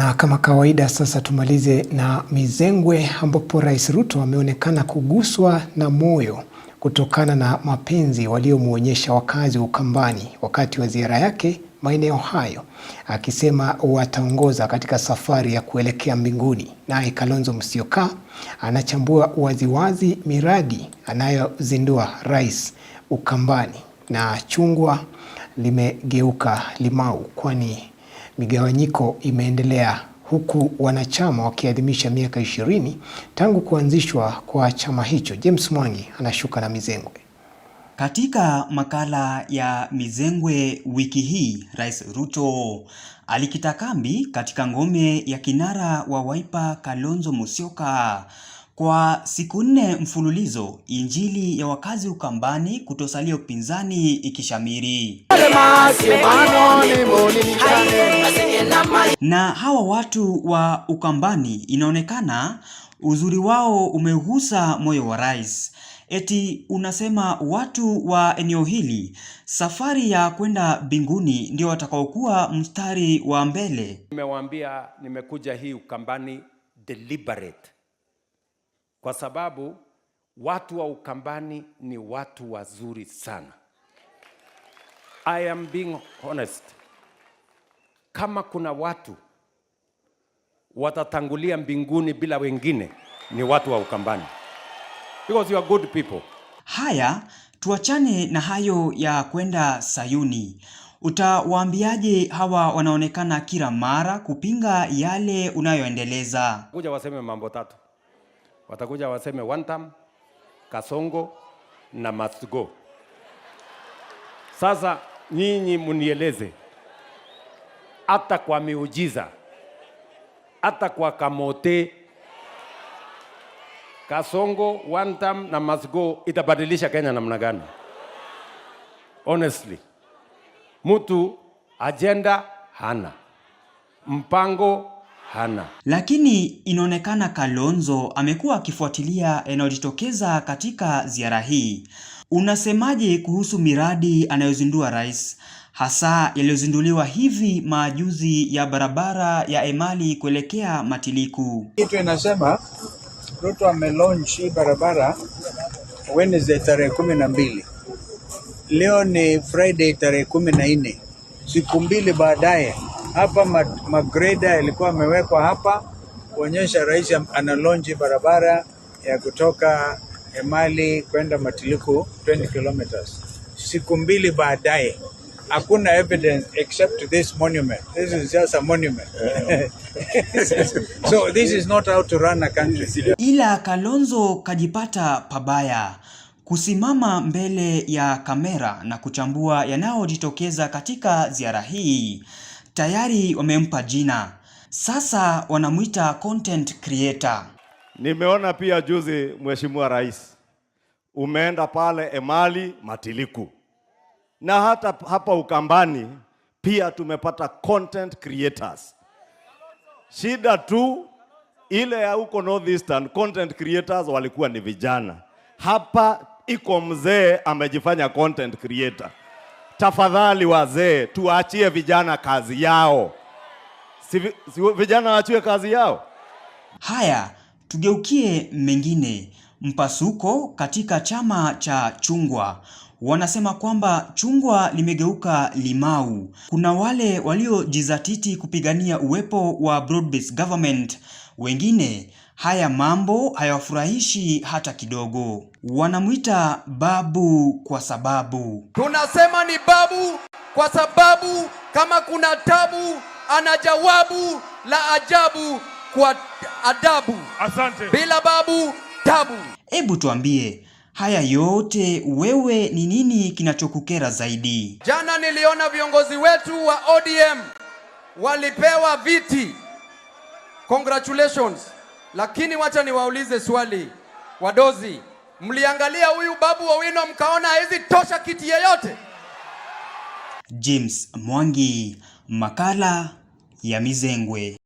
Na kama kawaida sasa tumalize na mizengwe ambapo Rais Ruto ameonekana kuguswa na moyo kutokana na mapenzi waliomwonyesha wakazi wa Ukambani wakati wa ziara yake maeneo hayo, akisema wataongoza katika safari ya kuelekea mbinguni. Naye Kalonzo Musyoka anachambua waziwazi miradi anayozindua Rais Ukambani, na chungwa limegeuka limau kwani migawanyiko imeendelea huku wanachama wakiadhimisha miaka ishirini tangu kuanzishwa kwa chama hicho. James Mwangi anashuka na mizengwe. Katika makala ya mizengwe wiki hii, Rais Ruto alikita kambi katika ngome ya kinara wa Wiper Kalonzo Musyoka kwa siku nne mfululizo, injili ya wakazi Ukambani kutosalia upinzani ikishamiri. Na hawa watu wa Ukambani inaonekana uzuri wao umeugusa moyo wa rais. Eti unasema watu wa eneo hili safari ya kwenda mbinguni ndio watakaokuwa mstari wa mbele. Nimewaambia nimekuja hii Ukambani deliberate kwa sababu watu wa Ukambani ni watu wazuri sana. I am being honest. Kama kuna watu watatangulia mbinguni bila wengine ni watu wa Ukambani. Because you are good people. Haya, tuachane na hayo ya kwenda Sayuni. Utawaambiaje hawa wanaonekana kila mara kupinga yale unayoendeleza? Kuja waseme mambo tatu watakuja waseme one term, kasongo na must go. Sasa nyinyi munieleze, hata kwa miujiza, hata kwa kamote, kasongo one term na must go itabadilisha Kenya namna gani? Honestly, mtu ajenda hana mpango hana. Lakini inaonekana Kalonzo amekuwa akifuatilia yanayojitokeza katika ziara hii. Unasemaje kuhusu miradi anayozindua rais, hasa yaliyozinduliwa hivi majuzi ya barabara ya Emali kuelekea Matiliku? Kitu inasema Ruto amelaunch hii barabara Wednesday tarehe kumi na mbili. Leo ni Friday tarehe kumi na nne, siku mbili baadaye hapa magreda yalikuwa yamewekwa hapa kuonyesha rais analonji barabara ya kutoka Emali kwenda Matiliku 20 kilometers. Siku mbili baadaye hakuna evidence except this monument. This is just a monument. so this is not how to run a country. Ila Kalonzo kajipata pabaya kusimama mbele ya kamera na kuchambua yanayojitokeza katika ziara hii tayari wamempa jina, sasa wanamwita content creator. Nimeona pia juzi, Mheshimiwa Rais, umeenda pale Emali Matiliku na hata hapa Ukambani pia tumepata content creators. Shida tu ile ya huko northeastern content creators walikuwa ni vijana, hapa iko mzee amejifanya content creator tafadhali wazee, tuachie vijana kazi yao. Si, si vijana waachie kazi yao. Haya, tugeukie mengine. Mpasuko katika chama cha chungwa Wanasema kwamba chungwa limegeuka limau. Kuna wale waliojizatiti kupigania uwepo wa broad-based government, wengine haya mambo hayawafurahishi hata kidogo. Wanamwita babu kwa sababu, tunasema ni babu kwa sababu kama kuna tabu ana jawabu la ajabu kwa adabu. Asante. Bila babu tabu. Hebu tuambie haya yote, wewe ni nini kinachokukera zaidi? Jana niliona viongozi wetu wa ODM walipewa viti, congratulations. Lakini wacha niwaulize swali, wadozi, mliangalia huyu Babu Owino mkaona hizi tosha kiti yeyote? James Mwangi, makala ya Mizengwe.